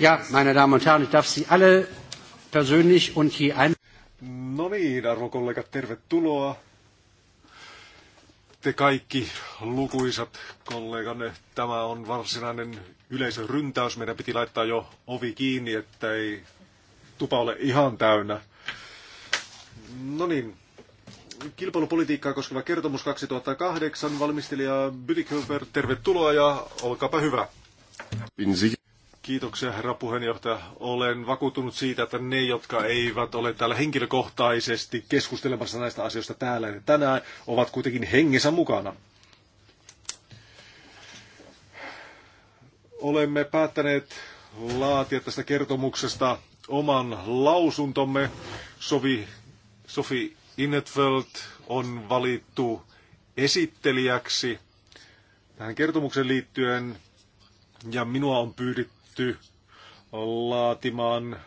Ja, meine Damen und Herren, ich darf Sie alle persönlich und hier ein... No niin, kollegat, tervetuloa. Te kaikki lukuisat kolleganne, tämä on varsinainen yleisöryntäys. Meidän piti laittaa jo ovi kiinni, että ei tupa ole ihan täynnä. No niin, kilpailupolitiikkaa koskeva kertomus 2008. Valmistelija Bydiköver, tervetuloa ja olkaapa hyvä. Kiitoksia, herra puheenjohtaja. Olen vakuuttunut siitä, että ne, jotka eivät ole täällä henkilökohtaisesti keskustelemassa näistä asioista täällä niin tänään, ovat kuitenkin hengessä mukana. Olemme päättäneet laatia tästä kertomuksesta oman lausuntomme. Sovi, Sofi Innetfeld on valittu esittelijäksi tähän kertomukseen liittyen ja minua on pyydetty pysty laatimaan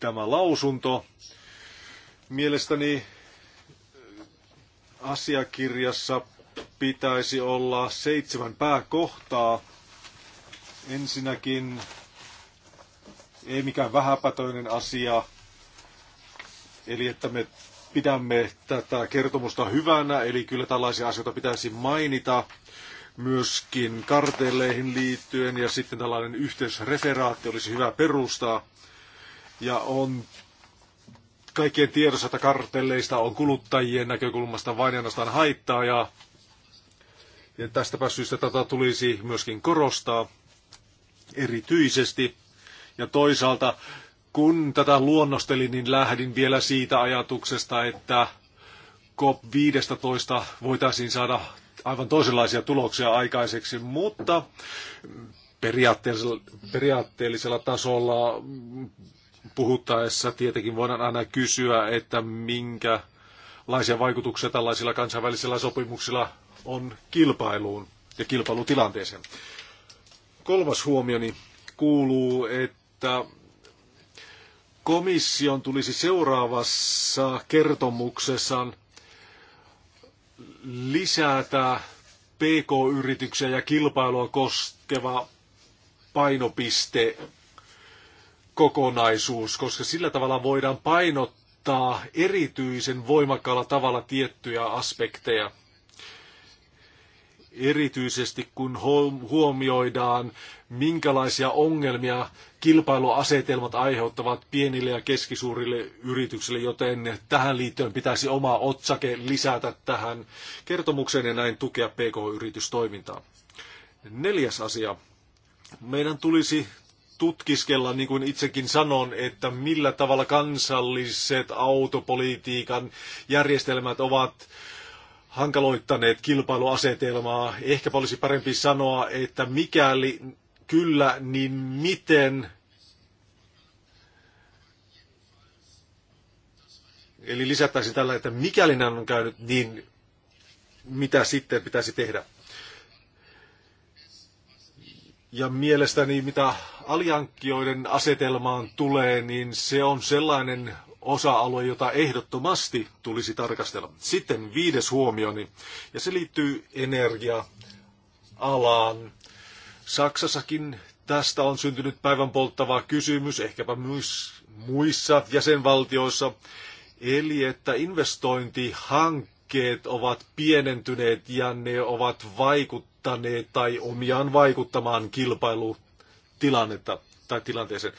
tämä lausunto. Mielestäni asiakirjassa pitäisi olla seitsemän pääkohtaa. Ensinnäkin ei mikään vähäpätöinen asia, eli että me pidämme tätä kertomusta hyvänä, eli kyllä tällaisia asioita pitäisi mainita myöskin kartelleihin liittyen ja sitten tällainen yhteisreferaatti olisi hyvä perustaa. Ja on kaikkien tiedossa, että kartelleista on kuluttajien näkökulmasta vain ainoastaan haittaa ja, ja tästäpä syystä tätä tulisi myöskin korostaa erityisesti. Ja toisaalta, kun tätä luonnostelin, niin lähdin vielä siitä ajatuksesta, että COP15 voitaisiin saada aivan toisenlaisia tuloksia aikaiseksi, mutta periaatteellisella, periaatteellisella tasolla puhuttaessa tietenkin voidaan aina kysyä, että minkälaisia vaikutuksia tällaisilla kansainvälisillä sopimuksilla on kilpailuun ja kilpailutilanteeseen. Kolmas huomioni kuuluu, että komission tulisi seuraavassa kertomuksessaan lisätä PK-yrityksiä ja kilpailua koskeva painopiste kokonaisuus, koska sillä tavalla voidaan painottaa erityisen voimakkaalla tavalla tiettyjä aspekteja erityisesti kun huomioidaan, minkälaisia ongelmia kilpailuasetelmat aiheuttavat pienille ja keskisuurille yrityksille, joten tähän liittyen pitäisi oma otsake lisätä tähän kertomukseen ja näin tukea PK-yritystoimintaa. Neljäs asia. Meidän tulisi tutkiskella, niin kuin itsekin sanon, että millä tavalla kansalliset autopolitiikan järjestelmät ovat hankaloittaneet kilpailuasetelmaa. Ehkä olisi parempi sanoa, että mikäli kyllä, niin miten. Eli lisättäisiin tällä, että mikäli näin on käynyt, niin mitä sitten pitäisi tehdä. Ja mielestäni mitä aliankioiden asetelmaan tulee, niin se on sellainen osa-alue, jota ehdottomasti tulisi tarkastella. Sitten viides huomioni, niin- ja se liittyy energia-alaan. Saksassakin tästä on syntynyt päivän polttava kysymys, ehkäpä myös muissa jäsenvaltioissa. Eli että investointihankkeet ovat pienentyneet ja ne ovat vaikuttaneet tai omiaan vaikuttamaan kilpailutilannetta tai tilanteeseen.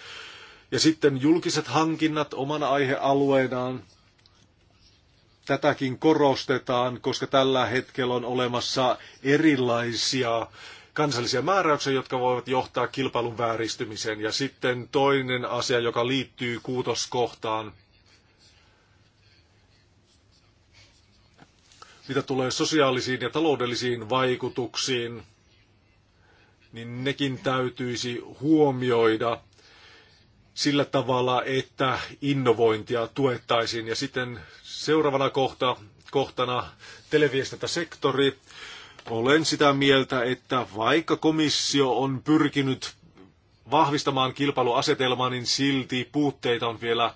Ja sitten julkiset hankinnat omana aihealueenaan. Tätäkin korostetaan, koska tällä hetkellä on olemassa erilaisia kansallisia määräyksiä, jotka voivat johtaa kilpailun vääristymiseen. Ja sitten toinen asia, joka liittyy kuutoskohtaan, mitä tulee sosiaalisiin ja taloudellisiin vaikutuksiin, niin nekin täytyisi huomioida – sillä tavalla, että innovointia tuettaisiin. Ja sitten seuraavana kohta, kohtana televiestintäsektori. Olen sitä mieltä, että vaikka komissio on pyrkinyt vahvistamaan kilpailuasetelmaa, niin silti puutteita on vielä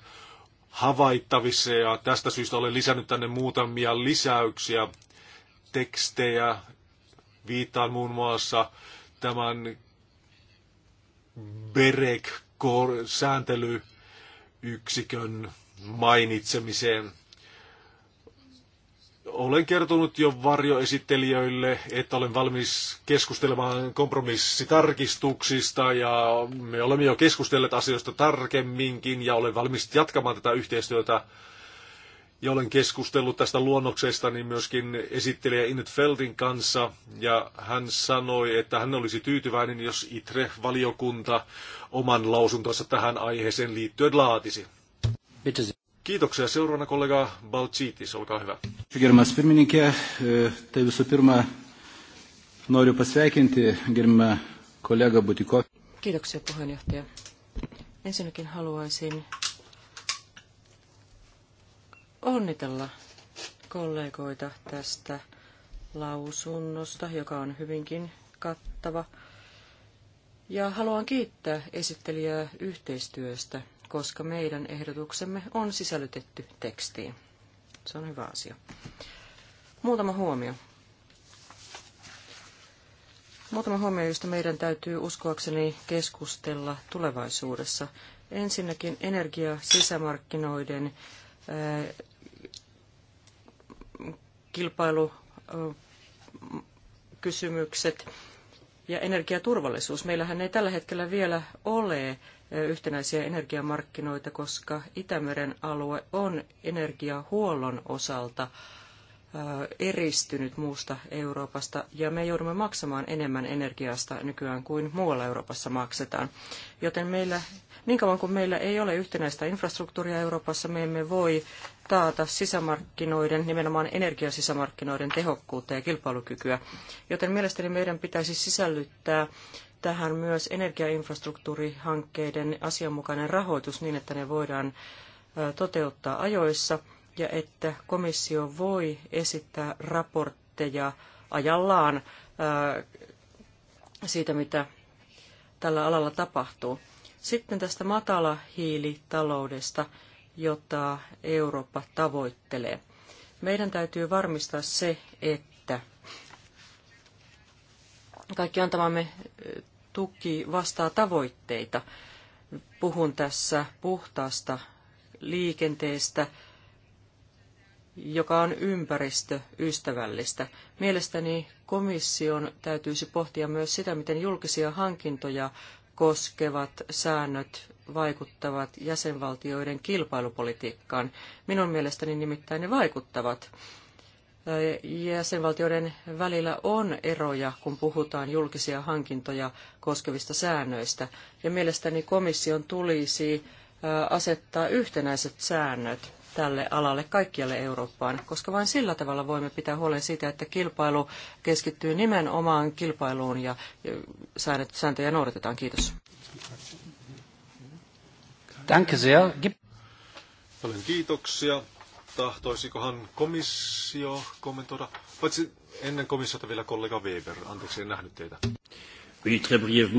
havaittavissa ja tästä syystä olen lisännyt tänne muutamia lisäyksiä, tekstejä, viittaan muun muassa tämän BEREK sääntelyyksikön mainitsemiseen. Olen kertonut jo varjoesittelijöille, että olen valmis keskustelemaan kompromissitarkistuksista ja me olemme jo keskustelleet asioista tarkemminkin ja olen valmis jatkamaan tätä yhteistyötä ja olen keskustellut tästä luonnoksesta niin myöskin esittelijä Inet Feldin kanssa, ja hän sanoi, että hän olisi tyytyväinen, jos ITRE-valiokunta oman lausuntonsa tähän aiheeseen liittyen laatisi. Kiitoksia. Seuraavana kollega Balcitis, olkaa hyvä. Gerbiamas pirmininkė, e, tai visų pirma noriu pasveikinti kollega Butiko. Kiitoksia puheenjohtaja. Ensinnäkin haluaisin onnitella kollegoita tästä lausunnosta, joka on hyvinkin kattava. Ja haluan kiittää esittelijää yhteistyöstä, koska meidän ehdotuksemme on sisällytetty tekstiin. Se on hyvä asia. Muutama huomio. Muutama huomio, josta meidän täytyy uskoakseni keskustella tulevaisuudessa. Ensinnäkin energia sisämarkkinoiden kilpailukysymykset ja energiaturvallisuus. Meillähän ei tällä hetkellä vielä ole yhtenäisiä energiamarkkinoita, koska Itämeren alue on energiahuollon osalta eristynyt muusta Euroopasta ja me joudumme maksamaan enemmän energiasta nykyään kuin muualla Euroopassa maksetaan. Joten meillä, niin kauan kuin meillä ei ole yhtenäistä infrastruktuuria Euroopassa, me emme voi taata sisämarkkinoiden, nimenomaan energiasisämarkkinoiden tehokkuutta ja kilpailukykyä. Joten mielestäni meidän pitäisi sisällyttää tähän myös energiainfrastruktuurihankkeiden asianmukainen rahoitus niin, että ne voidaan toteuttaa ajoissa ja että komissio voi esittää raportteja ajallaan siitä, mitä tällä alalla tapahtuu. Sitten tästä matalahiilitaloudesta. hiilitaloudesta jota Eurooppa tavoittelee. Meidän täytyy varmistaa se, että kaikki antamamme tuki vastaa tavoitteita. Puhun tässä puhtaasta liikenteestä, joka on ympäristöystävällistä. Mielestäni komission täytyisi pohtia myös sitä, miten julkisia hankintoja koskevat säännöt vaikuttavat jäsenvaltioiden kilpailupolitiikkaan. Minun mielestäni nimittäin ne vaikuttavat. Jäsenvaltioiden välillä on eroja, kun puhutaan julkisia hankintoja koskevista säännöistä, ja mielestäni komission tulisi asettaa yhtenäiset säännöt tälle alalle kaikkialle Eurooppaan, koska vain sillä tavalla voimme pitää huolen siitä, että kilpailu keskittyy nimenomaan kilpailuun ja sääntöjä noudatetaan. Kiitos. Danke sehr. Paljon kiitoksia. Tahtoisikohan komissio kommentoida? Paitsi ennen komissiota vielä kollega Weber. Anteeksi, en nähnyt teitä. Euh,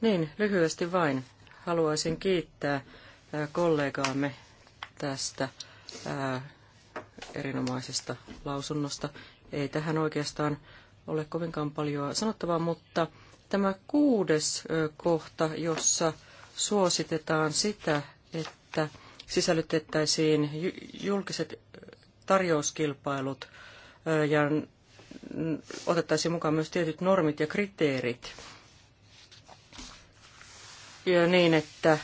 niin, lyhyesti vain. Haluaisin kiittää kollegaamme tästä erinomaisesta lausunnosta. Ei tähän oikeastaan ole kovinkaan paljon sanottavaa, mutta tämä kuudes kohta, jossa suositetaan sitä, että sisällytettäisiin julkiset tarjouskilpailut ja otettaisiin mukaan myös tietyt normit ja kriteerit ja niin, että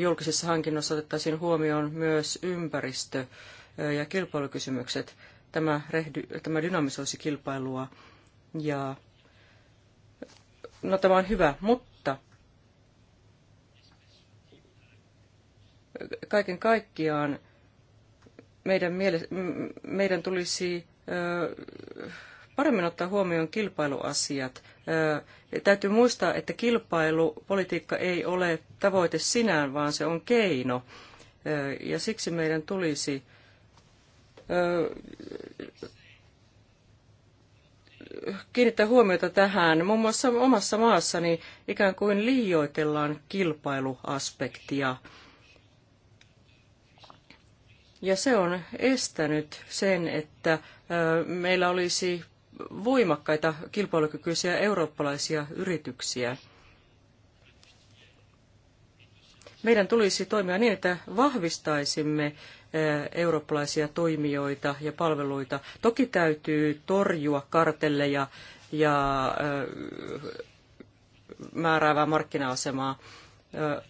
julkisissa hankinnoissa otettaisiin huomioon myös ympäristö- ja kilpailukysymykset. Tämä, rehdy, tämä dynamisoisi kilpailua ja no tämä on hyvä, mutta kaiken kaikkiaan meidän, mielestä, meidän tulisi paremmin ottaa huomioon kilpailuasiat. Täytyy muistaa, että kilpailupolitiikka ei ole tavoite sinään, vaan se on keino. Ja siksi meidän tulisi kiinnittää huomiota tähän. Muun muassa omassa maassani ikään kuin liioitellaan kilpailuaspektia. Ja se on estänyt sen, että meillä olisi voimakkaita kilpailukykyisiä eurooppalaisia yrityksiä. Meidän tulisi toimia niin, että vahvistaisimme eh, eurooppalaisia toimijoita ja palveluita. Toki täytyy torjua kartelleja ja eh, määräävää markkina-asemaa. Eh,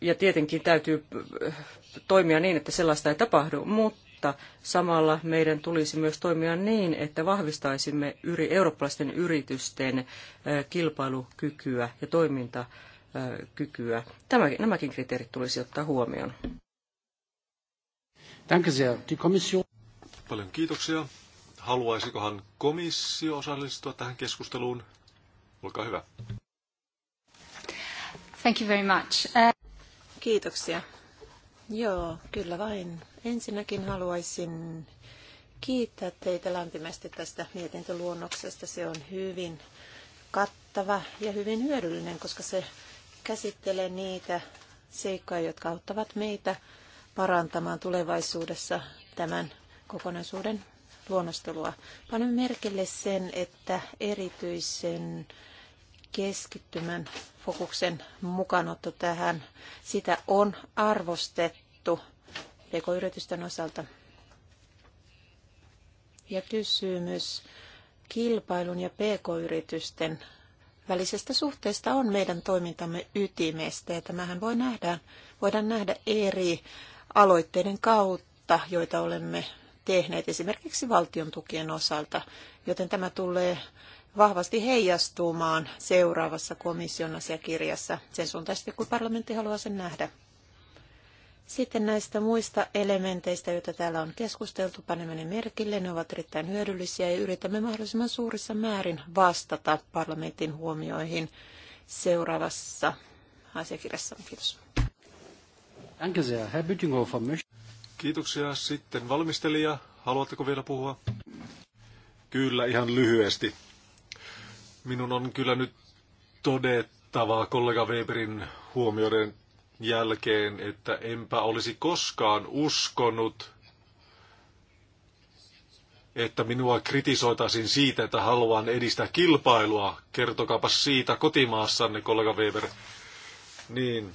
ja tietenkin täytyy toimia niin, että sellaista ei tapahdu, mutta mutta samalla meidän tulisi myös toimia niin, että vahvistaisimme yri, eurooppalaisten yritysten kilpailukykyä ja toimintakykyä. nämäkin kriteerit tulisi ottaa huomioon. Danke sehr. Die Kommission... Paljon kiitoksia. Haluaisikohan komissio osallistua tähän keskusteluun? Olkaa hyvä. Thank you very much. Uh... Kiitoksia. Joo, kyllä vain. Ensinnäkin haluaisin kiittää teitä lämpimästi tästä mietintöluonnoksesta. Se on hyvin kattava ja hyvin hyödyllinen, koska se käsittelee niitä seikkoja, jotka auttavat meitä parantamaan tulevaisuudessa tämän kokonaisuuden luonnostelua. Panen merkille sen, että erityisen keskittymän fokuksen mukanotto tähän, sitä on arvostettu pk-yritysten osalta. Ja kysymys kilpailun ja pk-yritysten välisestä suhteesta on meidän toimintamme ytimestä. Ja tämähän voi nähdä, voidaan nähdä eri aloitteiden kautta, joita olemme tehneet esimerkiksi valtion tukien osalta, joten tämä tulee vahvasti heijastumaan seuraavassa komission asiakirjassa sen suuntaisesti, kun parlamentti haluaa sen nähdä. Sitten näistä muista elementeistä, joita täällä on keskusteltu, panemme ne merkille. Ne ovat erittäin hyödyllisiä ja yritämme mahdollisimman suurissa määrin vastata parlamentin huomioihin seuraavassa asiakirjassa. Kiitos. Kiitoksia. Sitten valmistelija, haluatteko vielä puhua? Kyllä, ihan lyhyesti. Minun on kyllä nyt todettava kollega Weberin huomioiden jälkeen, että enpä olisi koskaan uskonut, että minua kritisoitaisiin siitä, että haluan edistää kilpailua. Kertokaapa siitä kotimaassanne, kollega Weber. Niin.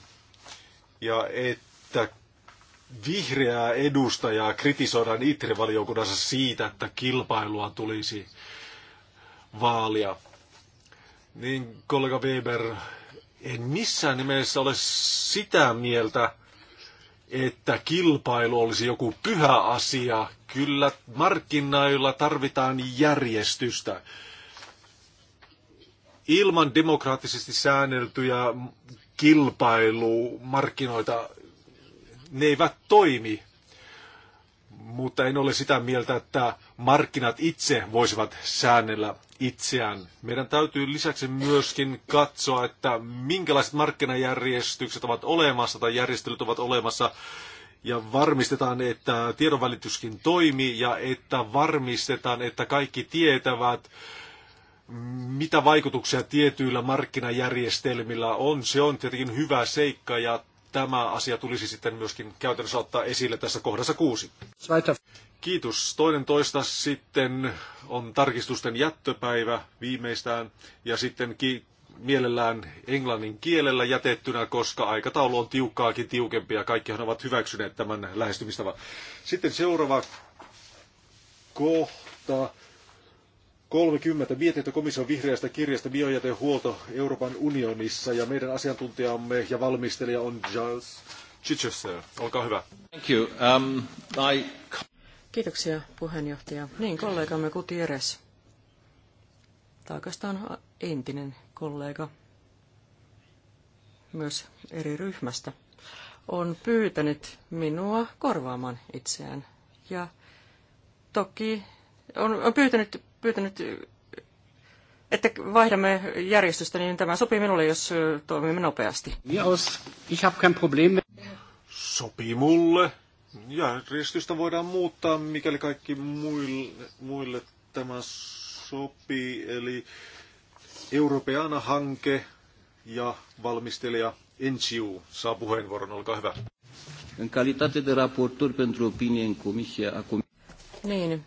Ja että vihreää edustajaa kritisoidaan ITRE-valiokunnassa siitä, että kilpailua tulisi vaalia. Niin kollega Weber, en missään nimessä ole sitä mieltä, että kilpailu olisi joku pyhä asia. Kyllä markkinoilla tarvitaan järjestystä. Ilman demokraattisesti säänneltyjä kilpailumarkkinoita ne eivät toimi. Mutta en ole sitä mieltä, että markkinat itse voisivat säännellä itseään. Meidän täytyy lisäksi myöskin katsoa, että minkälaiset markkinajärjestykset ovat olemassa tai järjestelyt ovat olemassa ja varmistetaan, että tiedonvälityskin toimii ja että varmistetaan, että kaikki tietävät, mitä vaikutuksia tietyillä markkinajärjestelmillä on. Se on tietenkin hyvä seikka ja tämä asia tulisi sitten myöskin käytännössä ottaa esille tässä kohdassa kuusi. Kiitos. Toinen toista sitten on tarkistusten jättöpäivä viimeistään ja sitten ki- mielellään englannin kielellä jätettynä, koska aikataulu on tiukkaakin tiukempi ja kaikkihan ovat hyväksyneet tämän lähestymistavan. Sitten seuraava kohta 30 mietintö komission vihreästä kirjasta biojätehuolto Euroopan unionissa ja meidän asiantuntijamme ja valmistelija on Charles Chichester. Olkaa hyvä. Thank you. Um, I... Kiitoksia puheenjohtaja. Niin, kollegamme Gutierrez. Taakastaan entinen kollega myös eri ryhmästä on pyytänyt minua korvaamaan itseään. Ja toki on, pyytänyt, pyytänyt, että vaihdamme järjestystä, niin tämä sopii minulle, jos toimimme nopeasti. Sopii mulle. Järjestystä voidaan muuttaa, mikäli kaikki muille, muille tämä sopii. Eli Europeana-hanke ja valmistelija Enciu saa puheenvuoron. Olkaa hyvä. În calitate de raportor pentru opinie în comisia a Niin,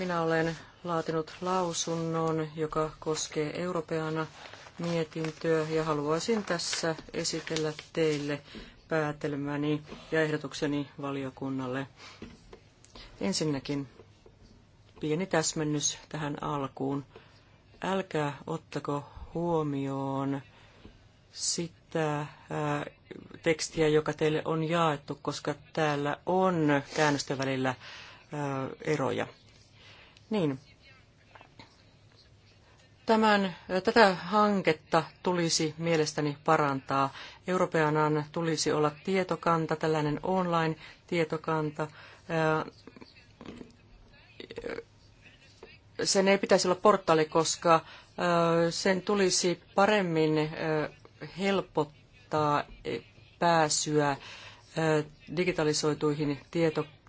minä olen laatinut lausunnon, joka koskee europeana mietintöä ja haluaisin tässä esitellä teille päätelmäni ja ehdotukseni valiokunnalle. Ensinnäkin pieni täsmennys tähän alkuun. Älkää ottako huomioon sitä ää, tekstiä, joka teille on jaettu, koska täällä on käännösten välillä ää, eroja. Niin. Tämän, tätä hanketta tulisi mielestäni parantaa. Europeanan tulisi olla tietokanta, tällainen online-tietokanta. Sen ei pitäisi olla portaali, koska sen tulisi paremmin helpottaa pääsyä digitalisoituihin tietokantoihin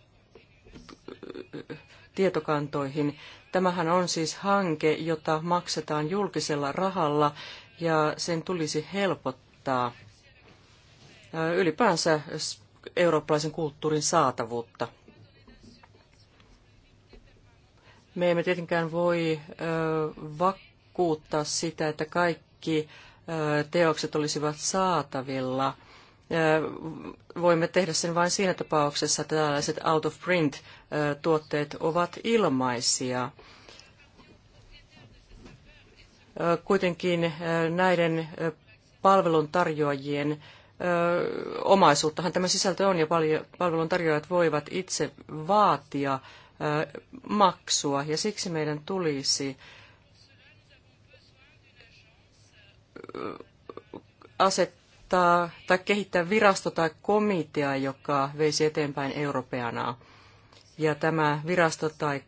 tietokantoihin. Tämähän on siis hanke, jota maksetaan julkisella rahalla ja sen tulisi helpottaa äh, ylipäänsä eurooppalaisen kulttuurin saatavuutta. Me emme tietenkään voi äh, vakuuttaa sitä, että kaikki äh, teokset olisivat saatavilla – voimme tehdä sen vain siinä tapauksessa, että tällaiset out of print tuotteet ovat ilmaisia. Kuitenkin näiden palveluntarjoajien omaisuuttahan tämä sisältö on ja palveluntarjoajat voivat itse vaatia maksua ja siksi meidän tulisi asettaa perustaa tai kehittää virasto tai komitea, joka veisi eteenpäin europeanaa. Ja tämä virasto tai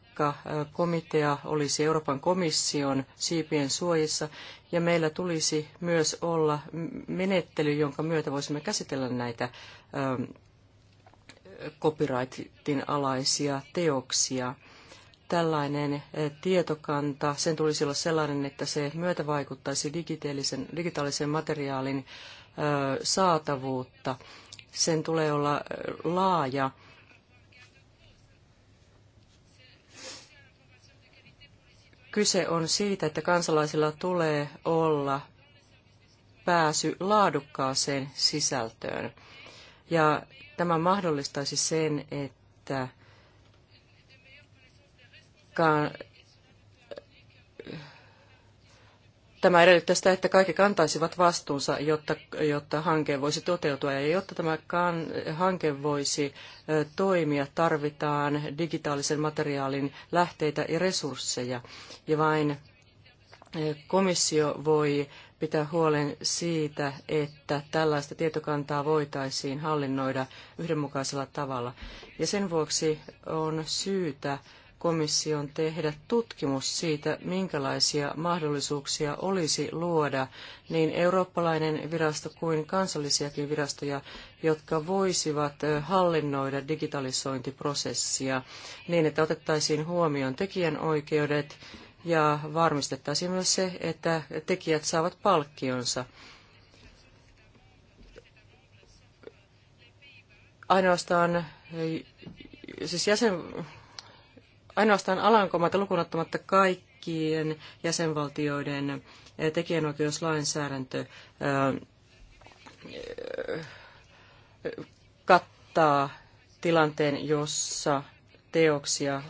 komitea olisi Euroopan komission siipien suojissa, ja meillä tulisi myös olla menettely, jonka myötä voisimme käsitellä näitä copyrightin alaisia teoksia. Tällainen tietokanta, sen tulisi olla sellainen, että se myötä digitaalisen, digitaalisen materiaalin saatavuutta. Sen tulee olla laaja. Kyse on siitä, että kansalaisilla tulee olla pääsy laadukkaaseen sisältöön. Ja tämä mahdollistaisi sen, että Tämä edellyttää sitä, että kaikki kantaisivat vastuunsa, jotta, jotta hanke voisi toteutua. Ja jotta tämä kan, hanke voisi toimia, tarvitaan digitaalisen materiaalin lähteitä ja resursseja. Ja vain komissio voi pitää huolen siitä, että tällaista tietokantaa voitaisiin hallinnoida yhdenmukaisella tavalla. Ja sen vuoksi on syytä komission tehdä tutkimus siitä, minkälaisia mahdollisuuksia olisi luoda niin eurooppalainen virasto kuin kansallisiakin virastoja, jotka voisivat hallinnoida digitalisointiprosessia niin, että otettaisiin huomioon tekijänoikeudet ja varmistettaisiin myös se, että tekijät saavat palkkionsa. Ainoastaan siis jäsen, ainoastaan Alankomaita lukunottamatta kaikkien jäsenvaltioiden eh, tekijänoikeuslainsäädäntö eh, kattaa tilanteen, jossa teoksia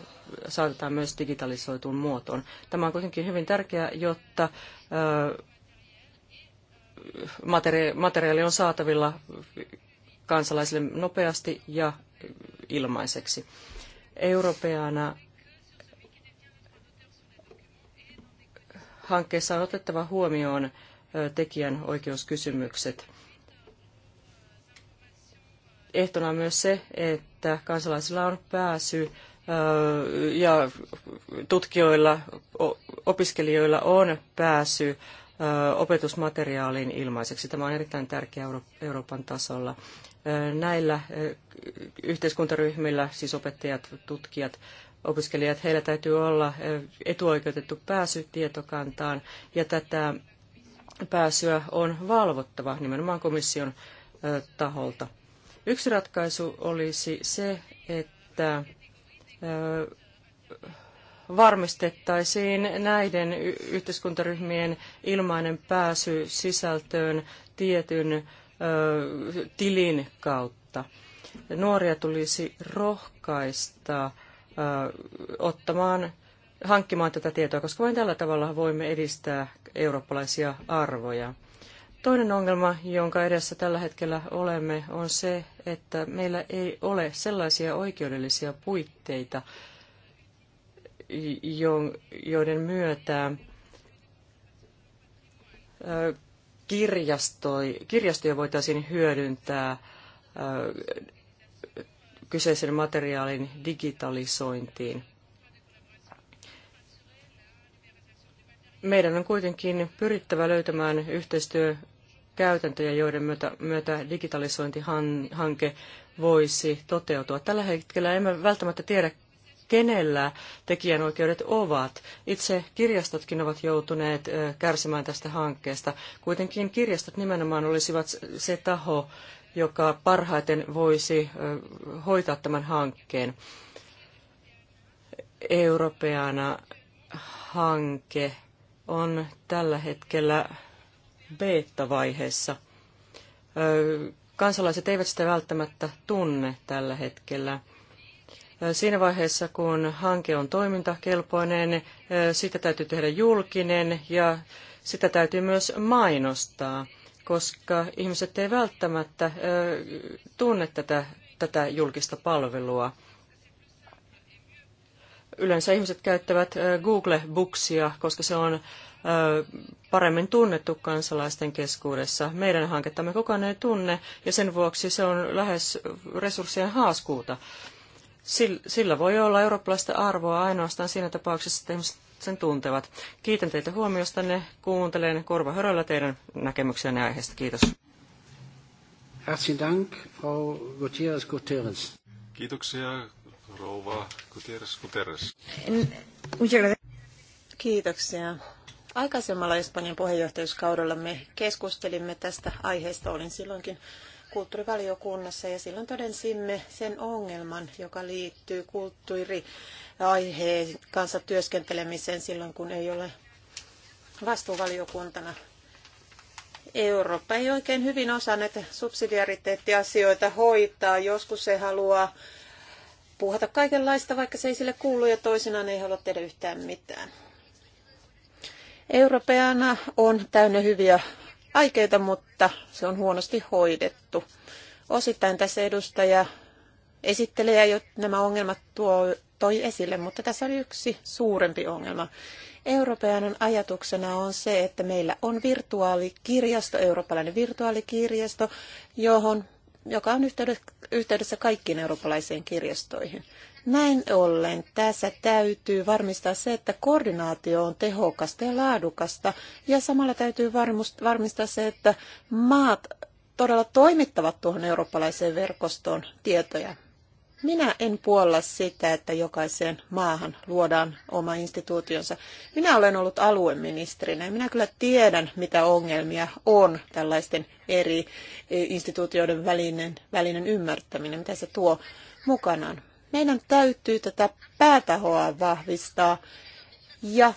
saatetaan myös digitalisoituun muotoon. Tämä on kuitenkin hyvin tärkeää, jotta eh, materiaali on saatavilla kansalaisille nopeasti ja ilmaiseksi. Europeana hankkeessa on otettava huomioon tekijän Ehtona on myös se, että kansalaisilla on pääsy ja tutkijoilla, opiskelijoilla on pääsy opetusmateriaaliin ilmaiseksi. Tämä on erittäin tärkeää Euroopan tasolla. Näillä yhteiskuntaryhmillä, siis opettajat, tutkijat, opiskelijat, heillä täytyy olla etuoikeutettu pääsy tietokantaan ja tätä pääsyä on valvottava nimenomaan komission taholta. Yksi ratkaisu olisi se, että varmistettaisiin näiden yhteiskuntaryhmien ilmainen pääsy sisältöön tietyn tilin kautta. Nuoria tulisi rohkaista ottamaan, hankkimaan tätä tietoa, koska vain tällä tavalla voimme edistää eurooppalaisia arvoja. Toinen ongelma, jonka edessä tällä hetkellä olemme, on se, että meillä ei ole sellaisia oikeudellisia puitteita, joiden myötä kirjastoja voitaisiin hyödyntää kyseisen materiaalin digitalisointiin. Meidän on kuitenkin pyrittävä löytämään yhteistyökäytäntöjä, joiden myötä, myötä digitalisointihanke voisi toteutua. Tällä hetkellä emme välttämättä tiedä, kenellä tekijänoikeudet ovat. Itse kirjastotkin ovat joutuneet kärsimään tästä hankkeesta. Kuitenkin kirjastot nimenomaan olisivat se taho, joka parhaiten voisi hoitaa tämän hankkeen. Europeana hanke on tällä hetkellä beta-vaiheessa. Kansalaiset eivät sitä välttämättä tunne tällä hetkellä. Siinä vaiheessa, kun hanke on toimintakelpoinen, sitä täytyy tehdä julkinen ja sitä täytyy myös mainostaa – koska ihmiset eivät välttämättä tunne tätä, tätä julkista palvelua. Yleensä ihmiset käyttävät Google Booksia, koska se on paremmin tunnettu kansalaisten keskuudessa. Meidän hankettamme kukaan ei tunne, ja sen vuoksi se on lähes resurssien haaskuuta. Sillä voi olla eurooppalaista arvoa ainoastaan siinä tapauksessa, että ihmiset sen tuntevat. Kiitän teitä huomiostanne, kuuntelen korvahöröllä teidän näkemyksenne aiheesta. Kiitos. Herzlichen Dank, Frau Gutierrez-Guterres. Kiitoksia, rouva Gutierrez-Guterres. Kiitoksia. Aikaisemmalla Espanjan puheenjohtajuuskaudella me keskustelimme tästä aiheesta. Olin silloinkin kulttuurivaliokunnassa ja silloin todensimme sen ongelman, joka liittyy kulttuuri aiheen kanssa työskentelemiseen silloin, kun ei ole vastuuvaliokuntana. Eurooppa ei oikein hyvin osaa näitä subsidiariteettiasioita hoitaa. Joskus se haluaa puhata kaikenlaista, vaikka se ei sille kuulu ja toisinaan ei halua tehdä yhtään mitään. Europeana on täynnä hyviä aikeita, mutta se on huonosti hoidettu. Osittain tässä edustaja esittelijä jo nämä ongelmat tuo, toi esille, mutta tässä oli yksi suurempi ongelma. Euroopan ajatuksena on se, että meillä on virtuaalikirjasto, eurooppalainen virtuaalikirjasto, johon, joka on yhteydessä kaikkiin eurooppalaisiin kirjastoihin. Näin ollen tässä täytyy varmistaa se, että koordinaatio on tehokasta ja laadukasta, ja samalla täytyy varmistaa se, että maat todella toimittavat tuohon eurooppalaiseen verkostoon tietoja. Minä en puolla sitä, että jokaiseen maahan luodaan oma instituutionsa. Minä olen ollut alueministerinä ja minä kyllä tiedän, mitä ongelmia on tällaisten eri e, instituutioiden välinen, välinen ymmärtäminen, mitä se tuo mukanaan. Meidän täytyy tätä päätahoa vahvistaa ja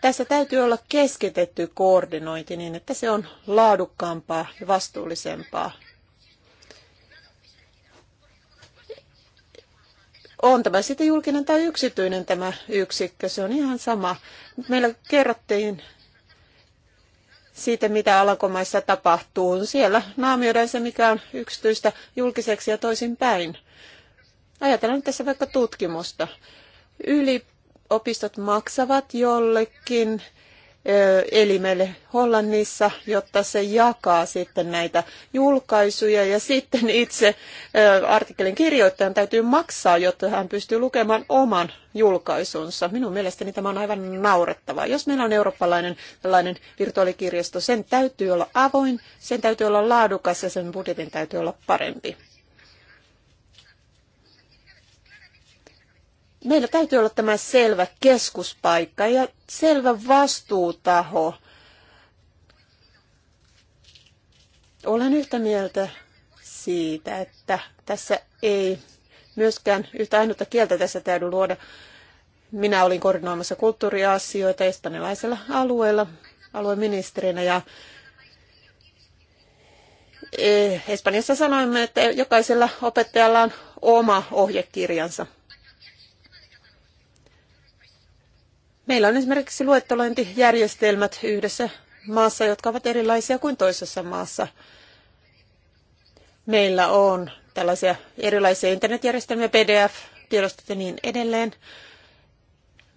tässä täytyy olla keskitetty koordinointi niin, että se on laadukkaampaa ja vastuullisempaa On tämä sitten julkinen tai yksityinen tämä yksikkö, se on ihan sama. Meillä kerrottiin siitä, mitä Alankomaissa tapahtuu. Siellä naamioidaan se, mikä on yksityistä julkiseksi ja toisinpäin. Ajatellaan tässä vaikka tutkimusta. Yliopistot maksavat jollekin elimelle Hollannissa, jotta se jakaa sitten näitä julkaisuja ja sitten itse artikkelin kirjoittajan täytyy maksaa, jotta hän pystyy lukemaan oman julkaisunsa. Minun mielestäni tämä on aivan naurettavaa. Jos meillä on eurooppalainen tällainen virtuaalikirjasto, sen täytyy olla avoin, sen täytyy olla laadukas ja sen budjetin täytyy olla parempi. meillä täytyy olla tämä selvä keskuspaikka ja selvä vastuutaho. Olen yhtä mieltä siitä, että tässä ei myöskään yhtä ainutta kieltä tässä täydy luoda. Minä olin koordinoimassa kulttuuriasioita espanjalaisella alueella alueministerinä ja eh, Espanjassa sanoimme, että jokaisella opettajalla on oma ohjekirjansa. Meillä on esimerkiksi luettelointijärjestelmät yhdessä maassa, jotka ovat erilaisia kuin toisessa maassa. Meillä on tällaisia erilaisia internetjärjestelmiä, PDF, tiedostot ja niin edelleen.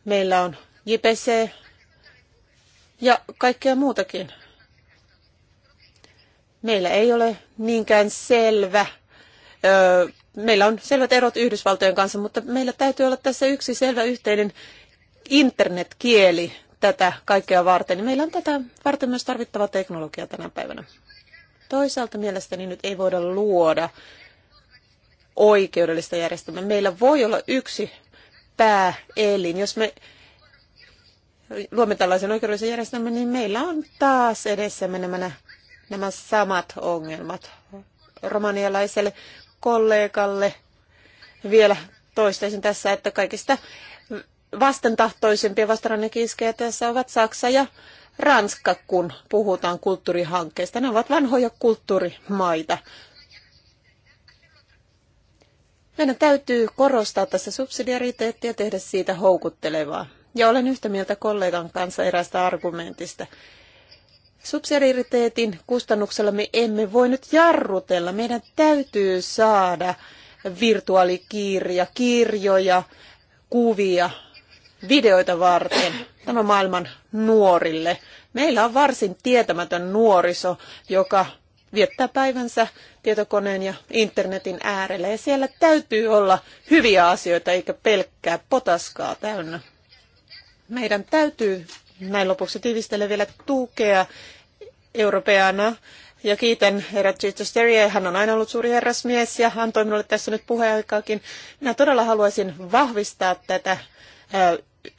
Meillä on JPC ja kaikkea muutakin. Meillä ei ole niinkään selvä. meillä on selvät erot Yhdysvaltojen kanssa, mutta meillä täytyy olla tässä yksi selvä yhteinen internetkieli tätä kaikkea varten, niin meillä on tätä varten myös tarvittava teknologia tänä päivänä. Toisaalta mielestäni nyt ei voida luoda oikeudellista järjestelmää. Meillä voi olla yksi pääelin. Jos me luomme tällaisen oikeudellisen järjestelmän, niin meillä on taas edessämme nämä, nämä samat ongelmat. Romanialaiselle kollegalle vielä toistaisin tässä, että kaikista vastentahtoisempia vastarannekin iskejä tässä ovat Saksa ja Ranska, kun puhutaan kulttuurihankkeista. Ne ovat vanhoja kulttuurimaita. Meidän täytyy korostaa tässä subsidiariteettia ja tehdä siitä houkuttelevaa. Ja olen yhtä mieltä kollegan kanssa erästä argumentista. Subsidiariteetin kustannuksella me emme voi nyt jarrutella. Meidän täytyy saada virtuaalikirja, kirjoja, kuvia videoita varten tämän maailman nuorille. Meillä on varsin tietämätön nuoriso, joka viettää päivänsä tietokoneen ja internetin äärelle Ja siellä täytyy olla hyviä asioita eikä pelkkää potaskaa täynnä. Meidän täytyy näin lopuksi tiivistellä vielä tukea europeana. Ja kiitän herra Chichesteria, hän on aina ollut suuri herrasmies ja antoi minulle tässä nyt puheaikaakin. Minä todella haluaisin vahvistaa tätä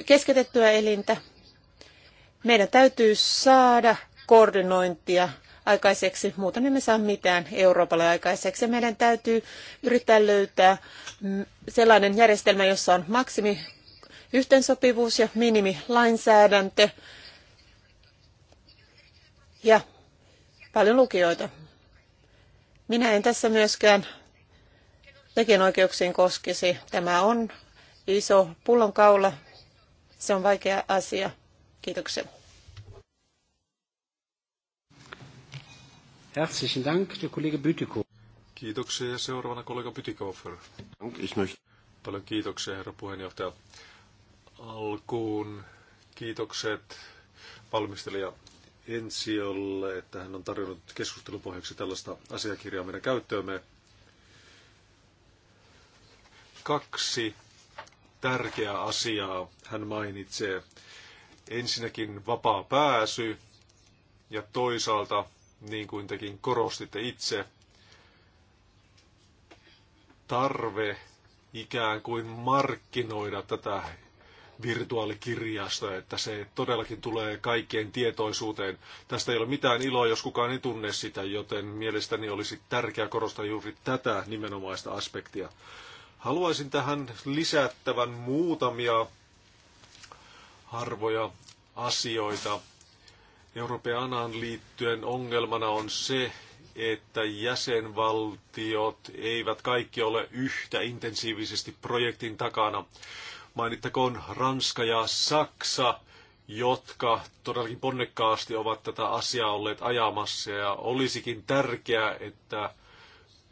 keskitettyä elintä. Meidän täytyy saada koordinointia aikaiseksi, muuten emme saa mitään Euroopalle aikaiseksi. Meidän täytyy yrittää löytää sellainen järjestelmä, jossa on maksimi yhteensopivuus ja minimi lainsäädäntö ja paljon lukijoita. Minä en tässä myöskään tekijänoikeuksiin koskisi. Tämä on iso pullonkaula se on vaikea asia. Kiitoksia. Herzlichen Dank, der Kollege Bütikow. Kiitoksia ja seuraavana kollega Bütikofer. Paljon kiitoksia, herra puheenjohtaja. Alkuun kiitokset valmistelija Ensiolle, että hän on tarjonnut keskustelupohjaksi tällaista asiakirjaa meidän käyttöömme. Kaksi tärkeää asiaa hän mainitsee. Ensinnäkin vapaa pääsy ja toisaalta, niin kuin tekin korostitte itse, tarve ikään kuin markkinoida tätä virtuaalikirjastoa, että se todellakin tulee kaikkien tietoisuuteen. Tästä ei ole mitään iloa, jos kukaan ei tunne sitä, joten mielestäni olisi tärkeää korostaa juuri tätä nimenomaista aspektia. Haluaisin tähän lisättävän muutamia harvoja asioita. Euroopanaan liittyen ongelmana on se, että jäsenvaltiot eivät kaikki ole yhtä intensiivisesti projektin takana. Mainittakoon Ranska ja Saksa, jotka todellakin ponnekkaasti ovat tätä asiaa olleet ajamassa ja olisikin tärkeää, että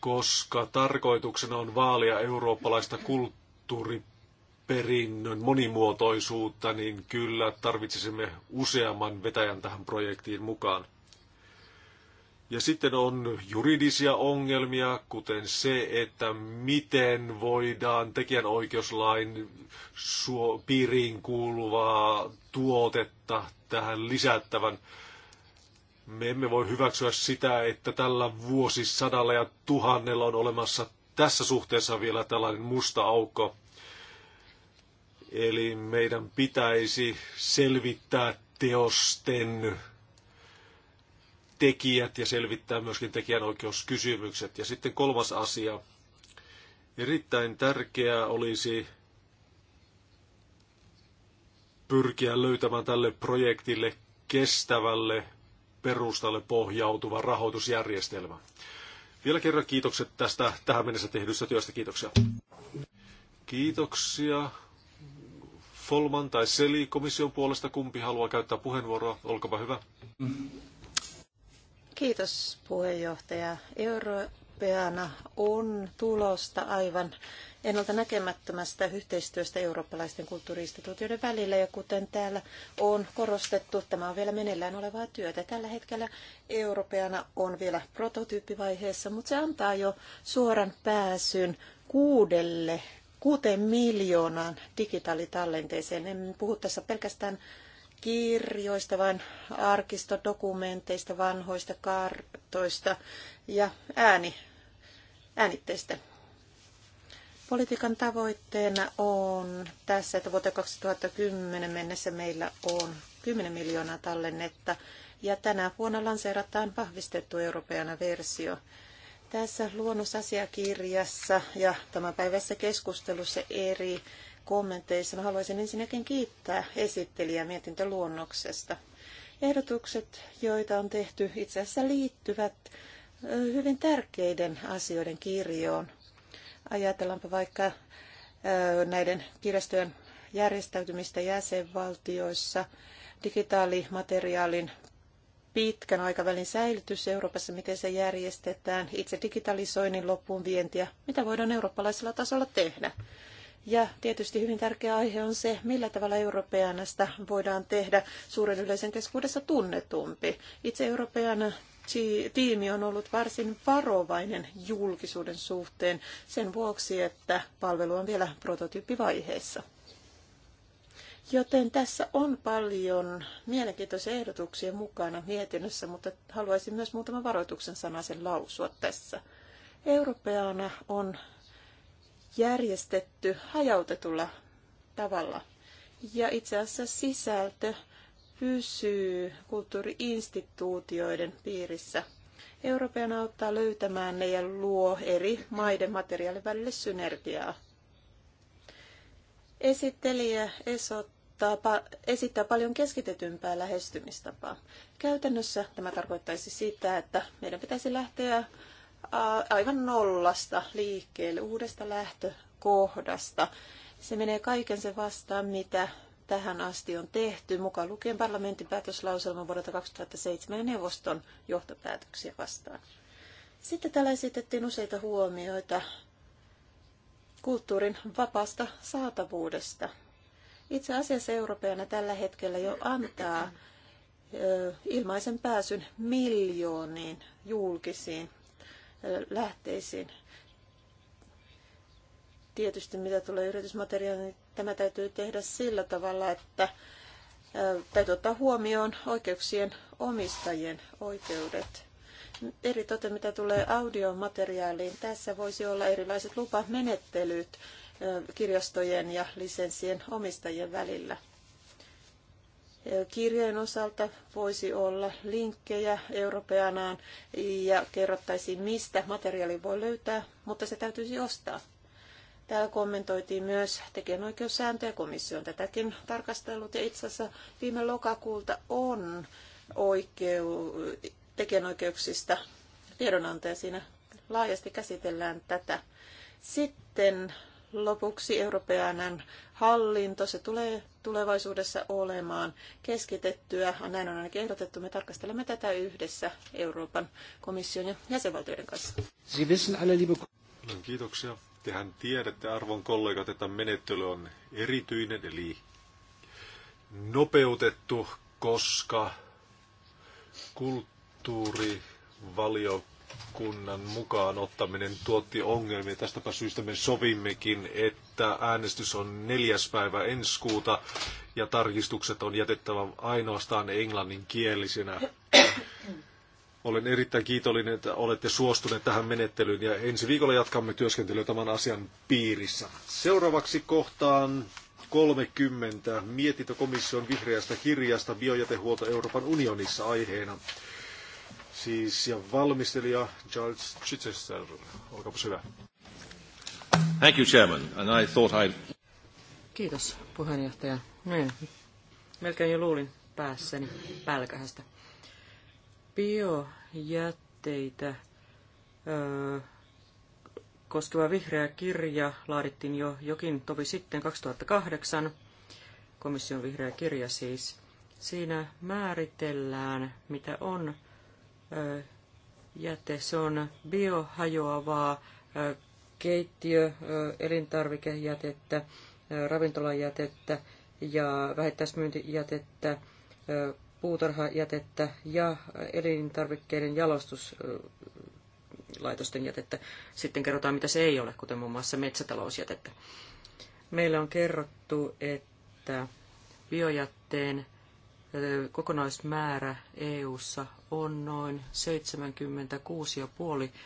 koska tarkoituksena on vaalia eurooppalaista kulttuuriperinnön monimuotoisuutta, niin kyllä tarvitsisimme useamman vetäjän tähän projektiin mukaan. Ja sitten on juridisia ongelmia, kuten se, että miten voidaan tekijänoikeuslain piiriin kuuluvaa tuotetta tähän lisättävän me emme voi hyväksyä sitä, että tällä vuosisadalla ja tuhannella on olemassa tässä suhteessa vielä tällainen musta aukko. Eli meidän pitäisi selvittää teosten tekijät ja selvittää myöskin tekijänoikeuskysymykset. Ja sitten kolmas asia. Erittäin tärkeää olisi pyrkiä löytämään tälle projektille kestävälle perustalle pohjautuva rahoitusjärjestelmä. Vielä kerran kiitokset tästä tähän mennessä tehdystä työstä. Kiitoksia. Kiitoksia. Folman tai Seli komission puolesta, kumpi haluaa käyttää puheenvuoroa? Olkapa hyvä. Kiitos puheenjohtaja. Euro europeana on tulosta aivan ennalta näkemättömästä yhteistyöstä eurooppalaisten kulttuuriinstituutioiden välillä. Ja kuten täällä on korostettu, tämä on vielä meneillään olevaa työtä. Tällä hetkellä europeana on vielä prototyyppivaiheessa, mutta se antaa jo suoran pääsyn kuudelle, kuuteen miljoonaan digitaalitallenteeseen. En puhu tässä pelkästään kirjoista, vaan arkistodokumenteista, vanhoista kartoista ja ääni äänitteistä. Politiikan tavoitteena on tässä, että vuoteen 2010 mennessä meillä on 10 miljoonaa tallennetta ja tänä vuonna lanseerataan vahvistettu europeana versio. Tässä luonnosasiakirjassa ja tämän päivässä keskustelussa eri kommenteissa mä haluaisin ensinnäkin kiittää esittelijää mietintöluonnoksesta. Ehdotukset, joita on tehty, itse asiassa liittyvät hyvin tärkeiden asioiden kirjoon. Ajatellaanpa vaikka näiden kirjastojen järjestäytymistä jäsenvaltioissa, digitaalimateriaalin pitkän aikavälin säilytys Euroopassa, miten se järjestetään, itse digitalisoinnin loppuun vientiä, mitä voidaan eurooppalaisella tasolla tehdä. Ja tietysti hyvin tärkeä aihe on se, millä tavalla europeanasta voidaan tehdä suuren yleisen keskuudessa tunnetumpi. Itse europeana tiimi on ollut varsin varovainen julkisuuden suhteen sen vuoksi, että palvelu on vielä prototyyppivaiheessa. Joten tässä on paljon mielenkiintoisia ehdotuksia mukana mietinnössä, mutta haluaisin myös muutaman varoituksen sanasen lausua tässä. Europeana on järjestetty hajautetulla tavalla. Ja itse asiassa sisältö pysyy kulttuuriinstituutioiden piirissä. Euroopan auttaa löytämään ne ja luo eri maiden materiaalin välille synergiaa. Esittelijä esottaa, esittää paljon keskitetympää lähestymistapaa. Käytännössä tämä tarkoittaisi sitä, että meidän pitäisi lähteä aivan nollasta liikkeelle, uudesta lähtökohdasta. Se menee kaiken se vastaan, mitä tähän asti on tehty, mukaan lukien parlamentin päätöslauselma vuodelta 2007 ja neuvoston johtopäätöksiä vastaan. Sitten täällä esitettiin useita huomioita kulttuurin vapaasta saatavuudesta. Itse asiassa Euroopan tällä hetkellä jo antaa ilmaisen pääsyn miljooniin julkisiin lähteisiin. Tietysti mitä tulee yritysmateriaaliin Tämä täytyy tehdä sillä tavalla, että täytyy ottaa huomioon oikeuksien omistajien oikeudet. Eri tote, mitä tulee audiomateriaaliin, tässä voisi olla erilaiset lupamenettelyt kirjastojen ja lisenssien omistajien välillä. Kirjeen osalta voisi olla linkkejä Europeanaan ja kerrottaisiin, mistä materiaali voi löytää, mutta se täytyisi ostaa. Täällä kommentoitiin myös tekijänoikeussääntöjä, komissio on tätäkin tarkastellut ja itse asiassa viime lokakuulta on oikeu, tekijänoikeuksista tiedonantaja siinä laajasti käsitellään tätä. Sitten lopuksi Euroopan hallinto, se tulee tulevaisuudessa olemaan keskitettyä, näin on ainakin ehdotettu, me tarkastelemme tätä yhdessä Euroopan komission ja jäsenvaltioiden kanssa. Kiitoksia Tehän tiedätte, arvon kollegat, että menettely on erityinen, eli nopeutettu, koska kulttuurivaliokunnan mukaan ottaminen tuotti ongelmia. Tästäpä syystä me sovimmekin, että äänestys on neljäs päivä ensi kuuta ja tarkistukset on jätettävä ainoastaan englanninkielisenä. Olen erittäin kiitollinen, että olette suostuneet tähän menettelyyn ja ensi viikolla jatkamme työskentelyä tämän asian piirissä. Seuraavaksi kohtaan 30. Mietintö komission vihreästä kirjasta biojätehuolto Euroopan unionissa aiheena. Siis ja valmistelija Charles Chichester, olkaapas hyvä. Thank you, Chairman. And I thought I'd... Kiitos, puheenjohtaja. Niin. Melkein jo luulin päässäni pälkähästä. Biojätteitä öö, koskeva vihreä kirja laadittiin jo jokin tovi sitten 2008, komission vihreä kirja siis. Siinä määritellään, mitä on öö, jäte. Se on biohajoavaa keittiö, öö, elintarvikejätettä, ravintolajätettä ja vähittäismyyntijätettä, puutarhajätettä ja elintarvikkeiden jalostuslaitosten jätettä. Sitten kerrotaan, mitä se ei ole, kuten muun muassa metsätalousjätettä. Meillä on kerrottu, että biojätteen kokonaismäärä EU:ssa on noin 76,5-102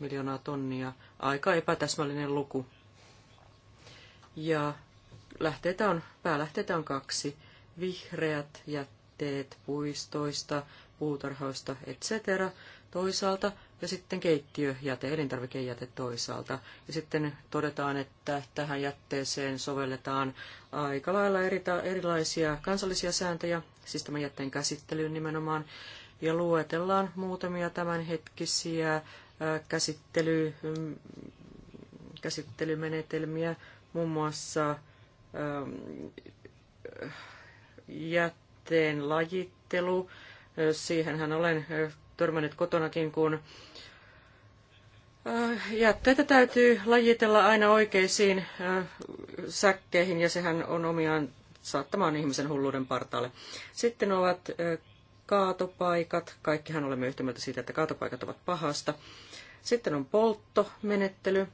miljoonaa tonnia. Aika epätäsmällinen luku. Ja lähteitä on, päälähteitä on kaksi. Vihreät jätteet puistoista, puutarhoista, etc. toisaalta, ja sitten keittiöjäte, elintarvikejäte toisaalta. Ja sitten todetaan, että tähän jätteeseen sovelletaan aika lailla eri, erilaisia kansallisia sääntöjä, siis tämän jätteen käsittelyyn nimenomaan, ja luetellaan muutamia tämänhetkisiä käsittely, mm, käsittelymenetelmiä, muun muassa Ähm, jätteen lajittelu. Äh, siihenhän olen äh, törmännyt kotonakin, kun äh, jätteitä täytyy lajitella aina oikeisiin säkkeihin ja sehän on omiaan saattamaan ihmisen hulluuden partaalle. Sitten ovat kaatopaikat. Kaikkihan olemme yhtä mieltä siitä, että kaatopaikat ovat pahasta. Sitten on polttomenettely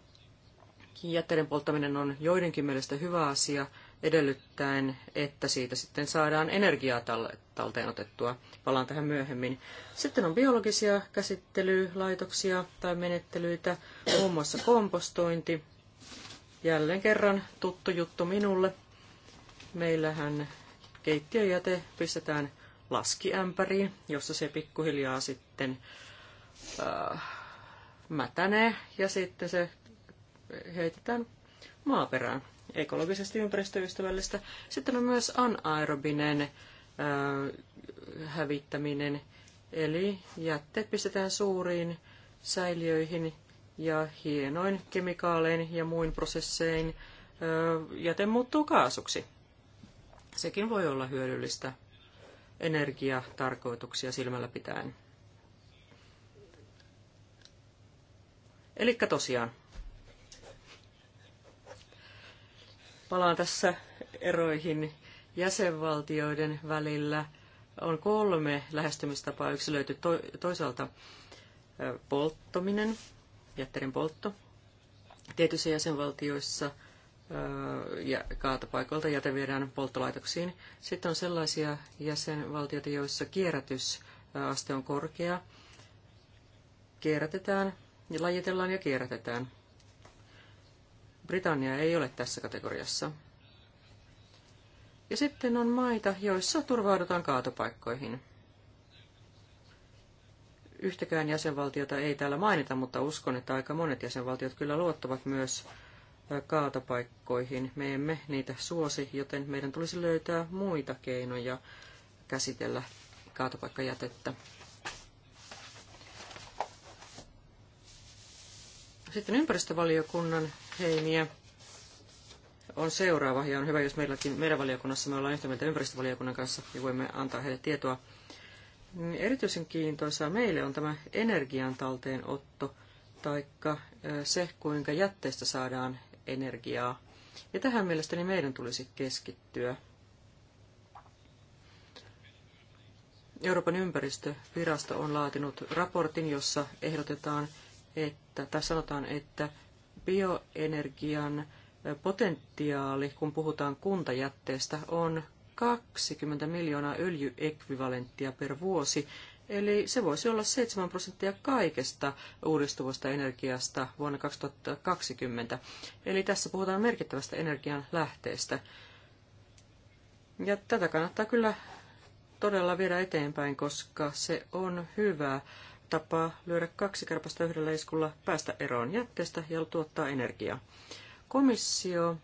jätteiden polttaminen on joidenkin mielestä hyvä asia, edellyttäen, että siitä sitten saadaan energiaa talteen otettua. Palaan tähän myöhemmin. Sitten on biologisia käsittelylaitoksia tai menettelyitä, muun muassa kompostointi. Jälleen kerran tuttu juttu minulle. Meillähän keittiöjäte pistetään laskiämpäriin, jossa se pikkuhiljaa sitten äh, mätänee ja sitten se heitetään maaperään. Ekologisesti ympäristöystävällistä. Sitten on myös anaerobinen hävittäminen, eli jätteet pistetään suuriin säiliöihin ja hienoin kemikaalein ja muin prosessein jäte muuttuu kaasuksi. Sekin voi olla hyödyllistä energiatarkoituksia silmällä pitäen. Eli tosiaan Palaan tässä eroihin jäsenvaltioiden välillä. On kolme lähestymistapaa Yksi löytyy Toisaalta polttominen, jätteiden poltto. Tietyissä jäsenvaltioissa ja kaatopaikoilta jäte viedään polttolaitoksiin. Sitten on sellaisia jäsenvaltioita, joissa kierrätysaste on korkea. Kierrätetään, lajitellaan ja kierrätetään. Britannia ei ole tässä kategoriassa. Ja sitten on maita, joissa turvaudutaan kaatopaikkoihin. Yhtäkään jäsenvaltiota ei täällä mainita, mutta uskon, että aika monet jäsenvaltiot kyllä luottavat myös kaatopaikkoihin. Me emme niitä suosi, joten meidän tulisi löytää muita keinoja käsitellä kaatopaikkajätettä. Sitten ympäristövaliokunnan Heiniä on seuraava, ja on hyvä, jos meilläkin, meidän valiokunnassa me ollaan yhtä mieltä ympäristövaliokunnan kanssa, ja voimme antaa heille tietoa. Erityisen kiintoisaa meille on tämä energiantalteenotto, taikka se, kuinka jätteistä saadaan energiaa. Ja tähän mielestäni meidän tulisi keskittyä. Euroopan ympäristövirasto on laatinut raportin, jossa ehdotetaan, että, tai sanotaan, että bioenergian potentiaali, kun puhutaan kuntajätteestä, on 20 miljoonaa öljyekvivalenttia per vuosi, eli se voisi olla 7 prosenttia kaikesta uudistuvasta energiasta vuonna 2020. Eli tässä puhutaan merkittävästä energian lähteestä. Ja tätä kannattaa kyllä todella viedä eteenpäin, koska se on hyvä tapa lyödä kaksi kärpästä yhdellä iskulla, päästä eroon jätteestä ja tuottaa energiaa. Komissio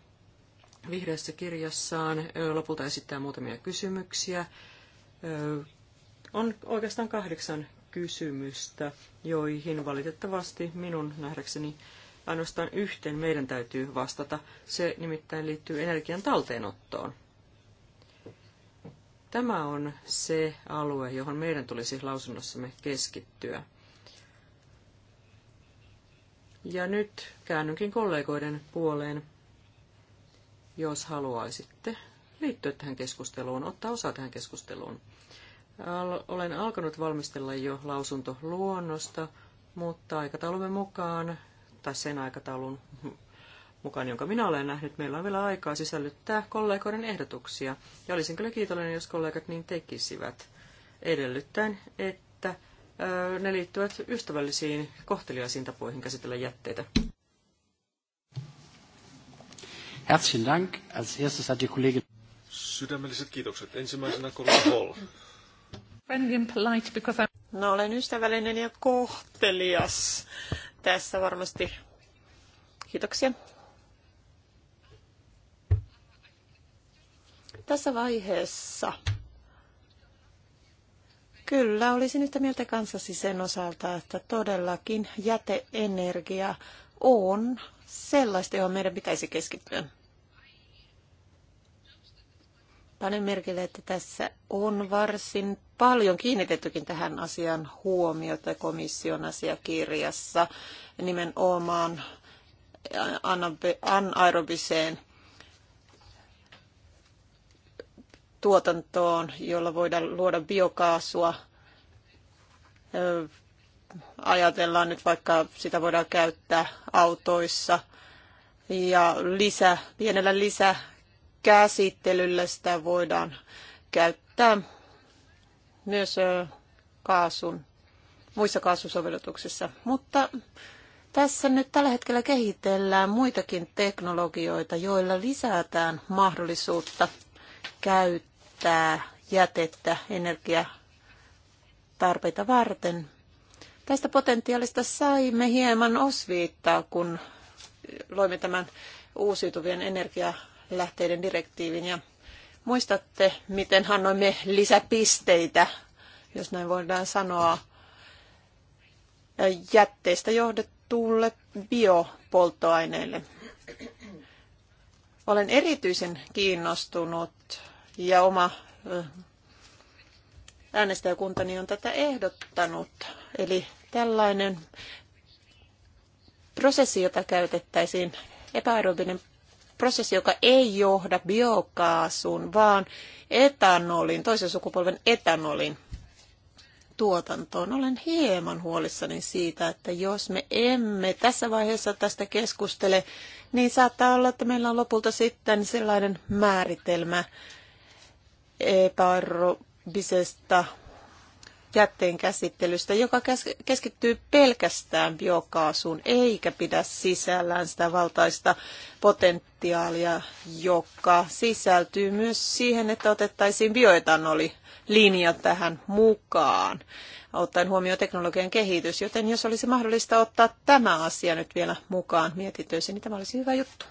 vihreässä kirjassaan lopulta esittää muutamia kysymyksiä. On oikeastaan kahdeksan kysymystä, joihin valitettavasti minun nähdäkseni ainoastaan yhteen meidän täytyy vastata. Se nimittäin liittyy energian talteenottoon. Tämä on se alue, johon meidän tulisi lausunnossamme keskittyä. Ja nyt käännynkin kollegoiden puoleen, jos haluaisitte liittyä tähän keskusteluun, ottaa osaa tähän keskusteluun. Olen alkanut valmistella jo lausuntoluonnosta, mutta aikataulumme mukaan, tai sen aikataulun mukaan, jonka minä olen nähnyt. Meillä on vielä aikaa sisällyttää kollegoiden ehdotuksia, ja olisin kyllä kiitollinen, jos kollegat niin tekisivät, edellyttäen, että ne liittyvät ystävällisiin, kohteliaisiin tapoihin käsitellä jätteitä. Herzlichen Dank. Als erstes hat die Kollegin... Sydämelliset kiitokset. Ensimmäisenä kollega Hall. No olen ystävällinen ja kohtelias. Tässä varmasti. Kiitoksia. Tässä vaiheessa Kyllä, olisin yhtä mieltä kanssasi sen osalta, että todellakin jäteenergia on sellaista, johon meidän pitäisi keskittyä. Panen merkille, että tässä on varsin paljon kiinnitettykin tähän asian huomiota komission asiakirjassa, nimenomaan anaerobiseen tuotantoon, jolla voidaan luoda biokaasua. Ajatellaan nyt vaikka sitä voidaan käyttää autoissa ja lisä, pienellä lisäkäsittelyllä sitä voidaan käyttää myös kaasun, muissa kaasusovellutuksissa. Mutta tässä nyt tällä hetkellä kehitellään muitakin teknologioita, joilla lisätään mahdollisuutta käyttää käyttää jätettä energiatarpeita varten. Tästä potentiaalista saimme hieman osviittaa, kun loimme tämän uusiutuvien energialähteiden direktiivin ja muistatte, miten annoimme lisäpisteitä, jos näin voidaan sanoa, jätteistä johdettuulle biopolttoaineille. Olen erityisen kiinnostunut ja oma äänestäjäkuntani on tätä ehdottanut. Eli tällainen prosessi, jota käytettäisiin, epäaerobinen prosessi, joka ei johda biokaasuun, vaan etanolin, toisen sukupolven etanolin tuotantoon. Olen hieman huolissani siitä, että jos me emme tässä vaiheessa tästä keskustele, niin saattaa olla, että meillä on lopulta sitten sellainen määritelmä, epäaerobisesta jätteen käsittelystä, joka keskittyy pelkästään biokaasuun eikä pidä sisällään sitä valtaista potentiaalia, joka sisältyy myös siihen, että otettaisiin bioetanoli linja tähän mukaan, ottaen huomioon teknologian kehitys. Joten jos olisi mahdollista ottaa tämä asia nyt vielä mukaan mietintöisiin, niin tämä olisi hyvä juttu.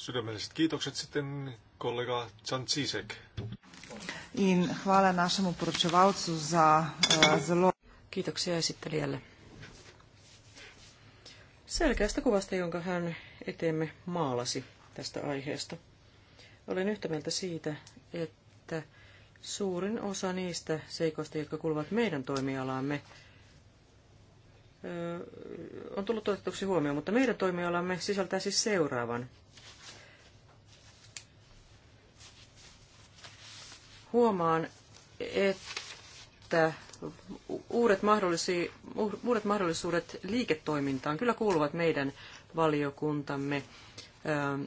Sydämelliset kiitokset sitten kollega Jan Cisek. In hvala našemu poročevalcu za eh, zelo... Kiitoksia esittelijälle. Selkeästä kuvasta, jonka hän eteemme maalasi tästä aiheesta. Olen yhtä mieltä siitä, että suurin osa niistä seikoista, jotka kuuluvat meidän toimialaamme, eh, on tullut otetuksi huomioon, mutta meidän toimialamme sisältää siis seuraavan. huomaan, että uudet, uh, uudet mahdollisuudet liiketoimintaan kyllä kuuluvat meidän valiokuntamme ähm,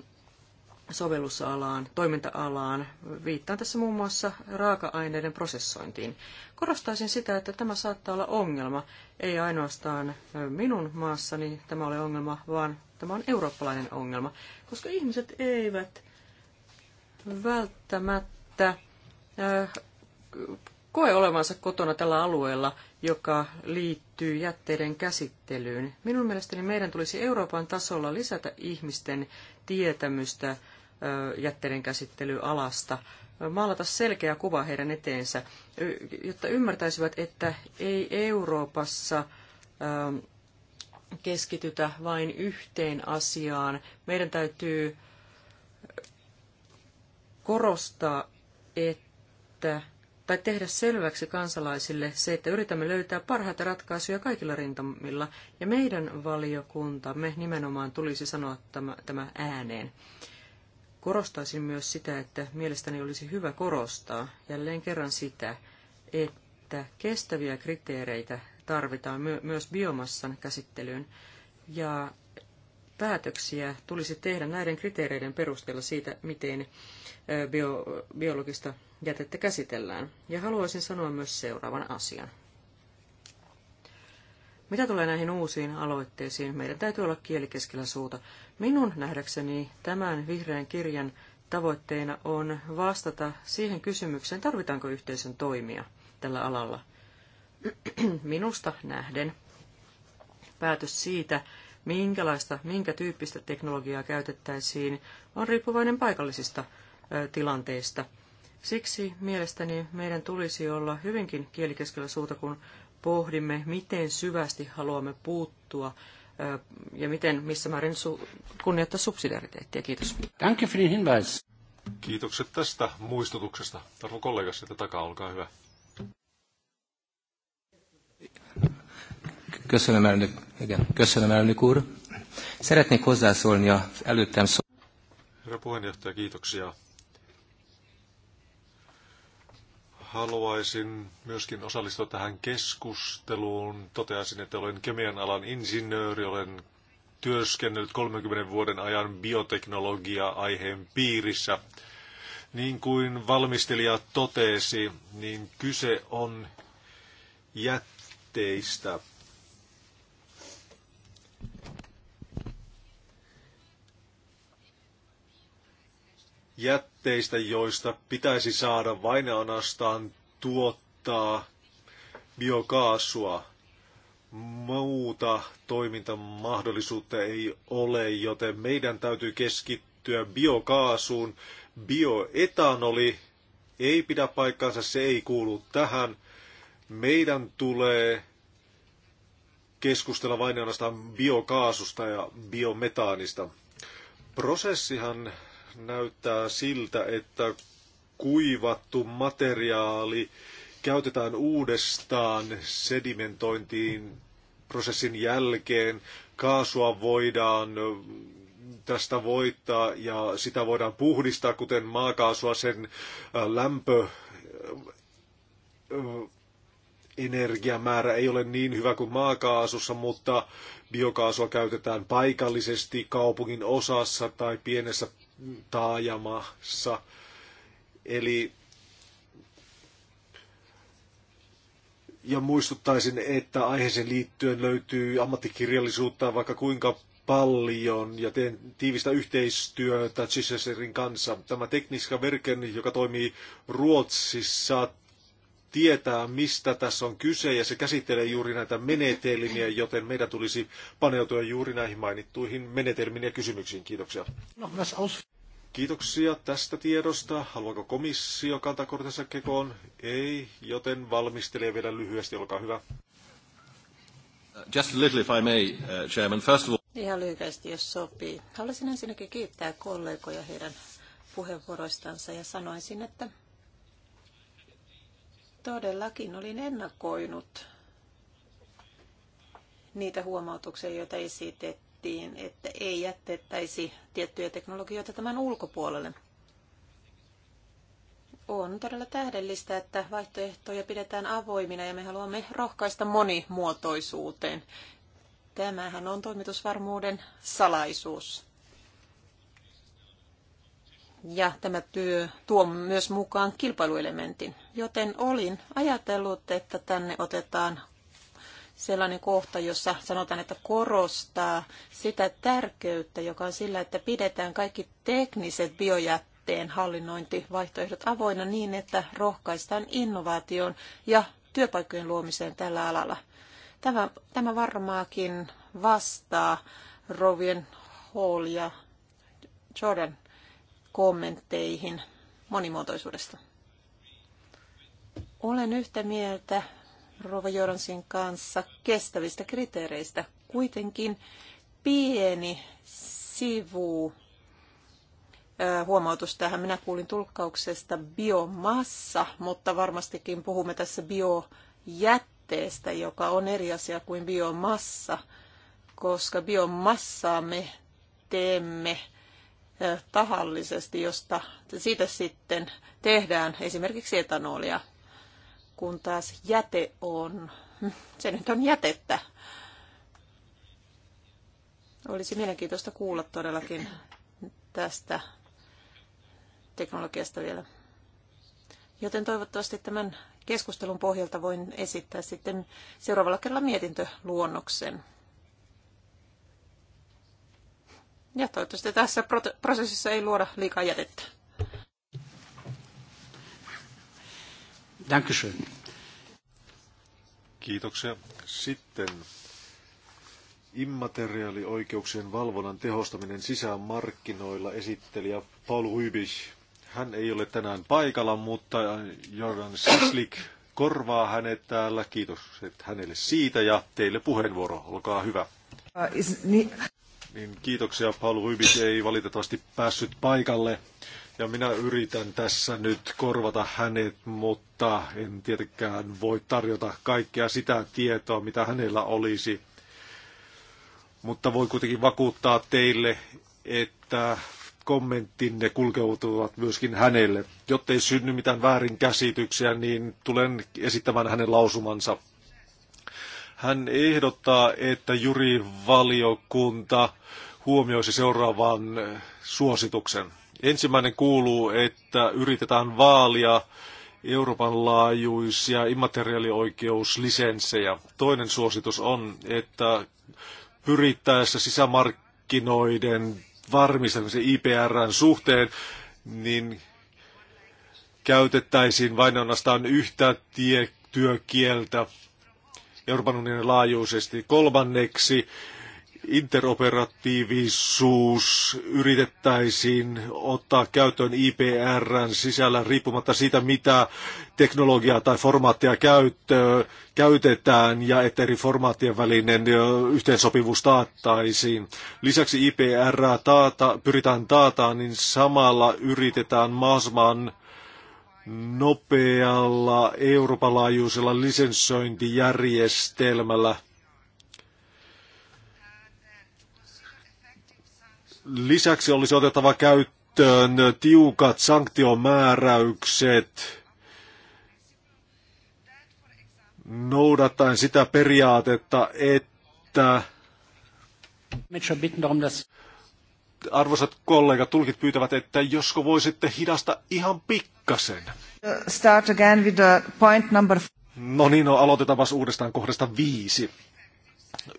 sovellusalaan, toiminta-alaan. Viittaan tässä muun muassa raaka-aineiden prosessointiin. Korostaisin sitä, että tämä saattaa olla ongelma. Ei ainoastaan äh, minun maassani tämä ole ongelma, vaan tämä on eurooppalainen ongelma, koska ihmiset eivät välttämättä koe olevansa kotona tällä alueella, joka liittyy jätteiden käsittelyyn. Minun mielestäni meidän tulisi Euroopan tasolla lisätä ihmisten tietämystä jätteiden käsittelyalasta, maalata selkeä kuva heidän eteensä, jotta ymmärtäisivät, että ei Euroopassa keskitytä vain yhteen asiaan. Meidän täytyy korostaa, että selvittää tai tehdä selväksi kansalaisille se, että yritämme löytää parhaita ratkaisuja kaikilla rintamilla, ja meidän valiokuntamme nimenomaan tulisi sanoa tämä, tämä ääneen. Korostaisin myös sitä, että mielestäni olisi hyvä korostaa jälleen kerran sitä, että kestäviä kriteereitä tarvitaan my- myös biomassan käsittelyyn, ja päätöksiä tulisi tehdä näiden kriteereiden perusteella siitä, miten bio- biologista jätettä käsitellään. Ja haluaisin sanoa myös seuraavan asian. Mitä tulee näihin uusiin aloitteisiin, meidän täytyy olla kieli keskellä suuta. Minun nähdäkseni tämän vihreän kirjan tavoitteena on vastata siihen kysymykseen, tarvitaanko yhteisön toimia tällä alalla. Minusta nähden päätös siitä, minkälaista, minkä tyyppistä teknologiaa käytettäisiin, on riippuvainen paikallisista tilanteista – Siksi mielestäni meidän tulisi olla hyvinkin kielikeskellä suuta, kun pohdimme, miten syvästi haluamme puuttua ja miten, missä määrin su- kunnioittaa subsidiariteettia. Kiitos. Danke für Hinweis. Kiitokset tästä muistutuksesta. Arvo kollega sieltä takaa, olkaa hyvä. Köszönöm igen, Herra puheenjohtaja, kiitoksia. haluaisin myöskin osallistua tähän keskusteluun. Toteaisin, että olen kemian alan insinööri, olen työskennellyt 30 vuoden ajan bioteknologia-aiheen piirissä. Niin kuin valmistelija totesi, niin kyse on jätteistä. jätteistä, joista pitäisi saada vain anastaan tuottaa biokaasua. Muuta toimintamahdollisuutta ei ole, joten meidän täytyy keskittyä biokaasuun. Bioetanoli ei pidä paikkaansa, se ei kuulu tähän. Meidän tulee keskustella vain ainoastaan biokaasusta ja biometaanista. Prosessihan näyttää siltä, että kuivattu materiaali käytetään uudestaan sedimentointiin prosessin jälkeen. Kaasua voidaan tästä voittaa ja sitä voidaan puhdistaa, kuten maakaasua sen lämpö energiamäärä ei ole niin hyvä kuin maakaasussa, mutta biokaasua käytetään paikallisesti kaupungin osassa tai pienessä taajamassa. Eli ja muistuttaisin, että aiheeseen liittyen löytyy ammattikirjallisuutta vaikka kuinka paljon ja teen tiivistä yhteistyötä Chichesterin kanssa. Tämä tekniska verken, joka toimii Ruotsissa, tietää, mistä tässä on kyse, ja se käsittelee juuri näitä menetelmiä, joten meidän tulisi paneutua juuri näihin mainittuihin menetelmiin ja kysymyksiin. Kiitoksia. No, Kiitoksia tästä tiedosta. Haluaako komissio kantaa kortensa kekoon? Ei, joten valmistelee vielä lyhyesti, olkaa hyvä. Just a little if I may, uh, Chairman. First of all... Ihan lyhyesti, jos sopii. Haluaisin ensinnäkin kiittää kollegoja heidän puheenvuoroistansa ja sanoisin, että Todellakin olin ennakoinut niitä huomautuksia, joita esitettiin, että ei jättettäisi tiettyjä teknologioita tämän ulkopuolelle. On todella tähdellistä, että vaihtoehtoja pidetään avoimina ja me haluamme rohkaista monimuotoisuuteen. Tämähän on toimitusvarmuuden salaisuus ja tämä työ tuo myös mukaan kilpailuelementin. Joten olin ajatellut, että tänne otetaan sellainen kohta, jossa sanotaan, että korostaa sitä tärkeyttä, joka on sillä, että pidetään kaikki tekniset biojätteen hallinnointivaihtoehdot avoinna niin, että rohkaistaan innovaation ja työpaikkojen luomiseen tällä alalla. Tämä, tämä varmaakin vastaa Rovien Hall ja Jordan kommentteihin monimuotoisuudesta. Olen yhtä mieltä Rova Joronsin kanssa kestävistä kriteereistä. Kuitenkin pieni sivu huomautus tähän. Minä kuulin tulkkauksesta biomassa, mutta varmastikin puhumme tässä biojätteestä, joka on eri asia kuin biomassa, koska biomassaa me teemme tahallisesti, josta siitä sitten tehdään esimerkiksi etanolia, kun taas jäte on, se nyt on jätettä. Olisi mielenkiintoista kuulla todellakin tästä teknologiasta vielä. Joten toivottavasti tämän keskustelun pohjalta voin esittää sitten seuraavalla kerralla mietintöluonnoksen. Ja toivottavasti tässä prosessissa ei luoda liikaa jätettä. Dankeschön. Kiitoksia. Sitten immateriaalioikeuksien valvonnan tehostaminen sisämarkkinoilla esittelijä Paul Hübisch. Hän ei ole tänään paikalla, mutta Jordan Sislik korvaa hänet täällä. Kiitos hänelle siitä ja teille puheenvuoro. Olkaa hyvä. Uh, niin kiitoksia. Paul Rybik ei valitettavasti päässyt paikalle. Ja minä yritän tässä nyt korvata hänet, mutta en tietenkään voi tarjota kaikkea sitä tietoa, mitä hänellä olisi. Mutta voi kuitenkin vakuuttaa teille, että kommenttinne kulkeutuvat myöskin hänelle. Jottei synny mitään väärinkäsityksiä, niin tulen esittämään hänen lausumansa hän ehdottaa, että valiokunta huomioisi seuraavan eh, suosituksen. Ensimmäinen kuuluu, että yritetään vaalia Euroopan laajuisia immateriaalioikeuslisenssejä. Toinen suositus on, että pyrittäessä sisämarkkinoiden varmistamisen IPRn suhteen, niin käytettäisiin vain ainoastaan yhtä tie- työkieltä Euroopan unionin laajuisesti. Kolmanneksi interoperatiivisuus yritettäisiin ottaa käyttöön IPRn sisällä riippumatta siitä, mitä teknologiaa tai formaattia käytetään ja että eri formaattien välinen yhteensopivuus taattaisiin. Lisäksi IPR taata, pyritään taataan, niin samalla yritetään mahdollisimman nopealla Euroopan laajuisella lisensointijärjestelmällä. Lisäksi olisi otettava käyttöön tiukat sanktiomääräykset noudattaen sitä periaatetta, että arvoisat kollegat, tulkit pyytävät, että josko voisitte hidasta ihan pikkasen. Uh, start again with the point number... No niin, no aloitetaanpas uudestaan kohdasta viisi.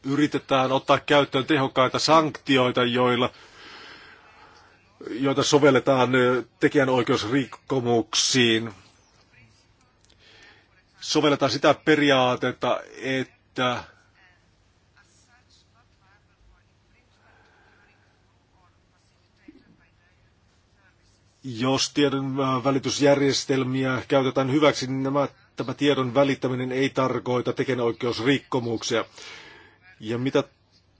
Yritetään ottaa käyttöön tehokkaita sanktioita, joilla joita sovelletaan tekijänoikeusrikkomuksiin. Sovelletaan sitä periaatetta, että Jos tiedon äh, välitysjärjestelmiä käytetään hyväksi, niin nämä, tämä tiedon välittäminen ei tarkoita tekijänoikeusrikkomuksia. Ja mitä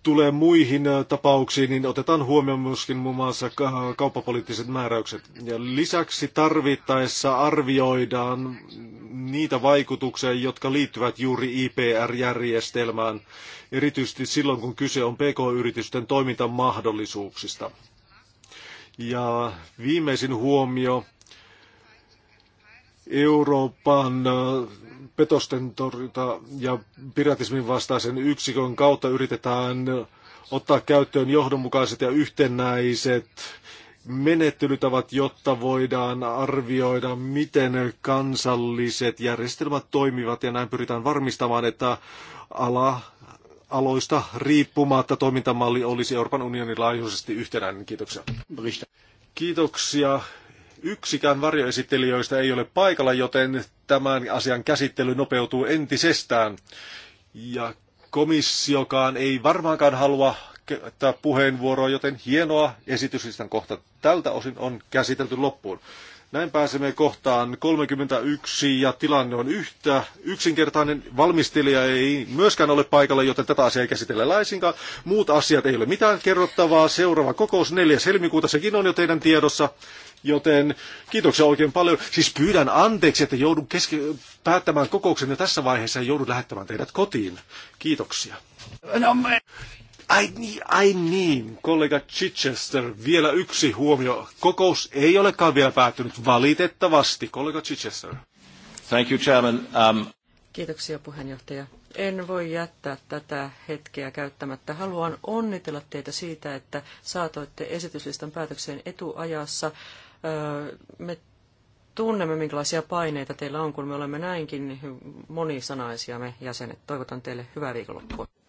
tulee muihin äh, tapauksiin, niin otetaan huomioon myöskin muun muassa äh, kauppapoliittiset määräykset. Ja lisäksi tarvittaessa arvioidaan niitä vaikutuksia, jotka liittyvät juuri IPR-järjestelmään, erityisesti silloin, kun kyse on PK-yritysten toimintamahdollisuuksista. Ja viimeisin huomio, Euroopan äh, petosten torjunta ja piratismin vastaisen yksikön kautta yritetään äh, ottaa käyttöön johdonmukaiset ja yhtenäiset menettelytavat, jotta voidaan arvioida, miten kansalliset järjestelmät toimivat ja näin pyritään varmistamaan, että ala aloista riippumatta toimintamalli olisi Euroopan unionin laajuisesti yhtenäinen. Kiitoksia. Kiitoksia. Yksikään varjoesittelijöistä ei ole paikalla, joten tämän asian käsittely nopeutuu entisestään. Ja komissiokaan ei varmaankaan halua käyttää puheenvuoroa, joten hienoa esityslistan kohta tältä osin on käsitelty loppuun. Näin pääsemme kohtaan 31 ja tilanne on yhtä. Yksinkertainen valmistelija ei myöskään ole paikalla, joten tätä asiaa ei käsitellä laisinkaan. Muut asiat ei ole mitään kerrottavaa. Seuraava kokous 4. helmikuuta, sekin on jo teidän tiedossa. Joten kiitoksia oikein paljon. Siis pyydän anteeksi, että joudun keske- päättämään kokouksen jo tässä vaiheessa ja joudun lähettämään teidät kotiin. Kiitoksia. No, me... Ai niin, ai niin, kollega Chichester, vielä yksi huomio. Kokous ei olekaan vielä päättynyt, valitettavasti. Kollega Chichester. Thank you, Chairman. Um... Kiitoksia puheenjohtaja. En voi jättää tätä hetkeä käyttämättä. Haluan onnitella teitä siitä, että saatoitte esityslistan päätökseen etuajassa. Me tunnemme, minkälaisia paineita teillä on, kun me olemme näinkin monisanaisia me jäsenet. Toivotan teille hyvää viikonloppua.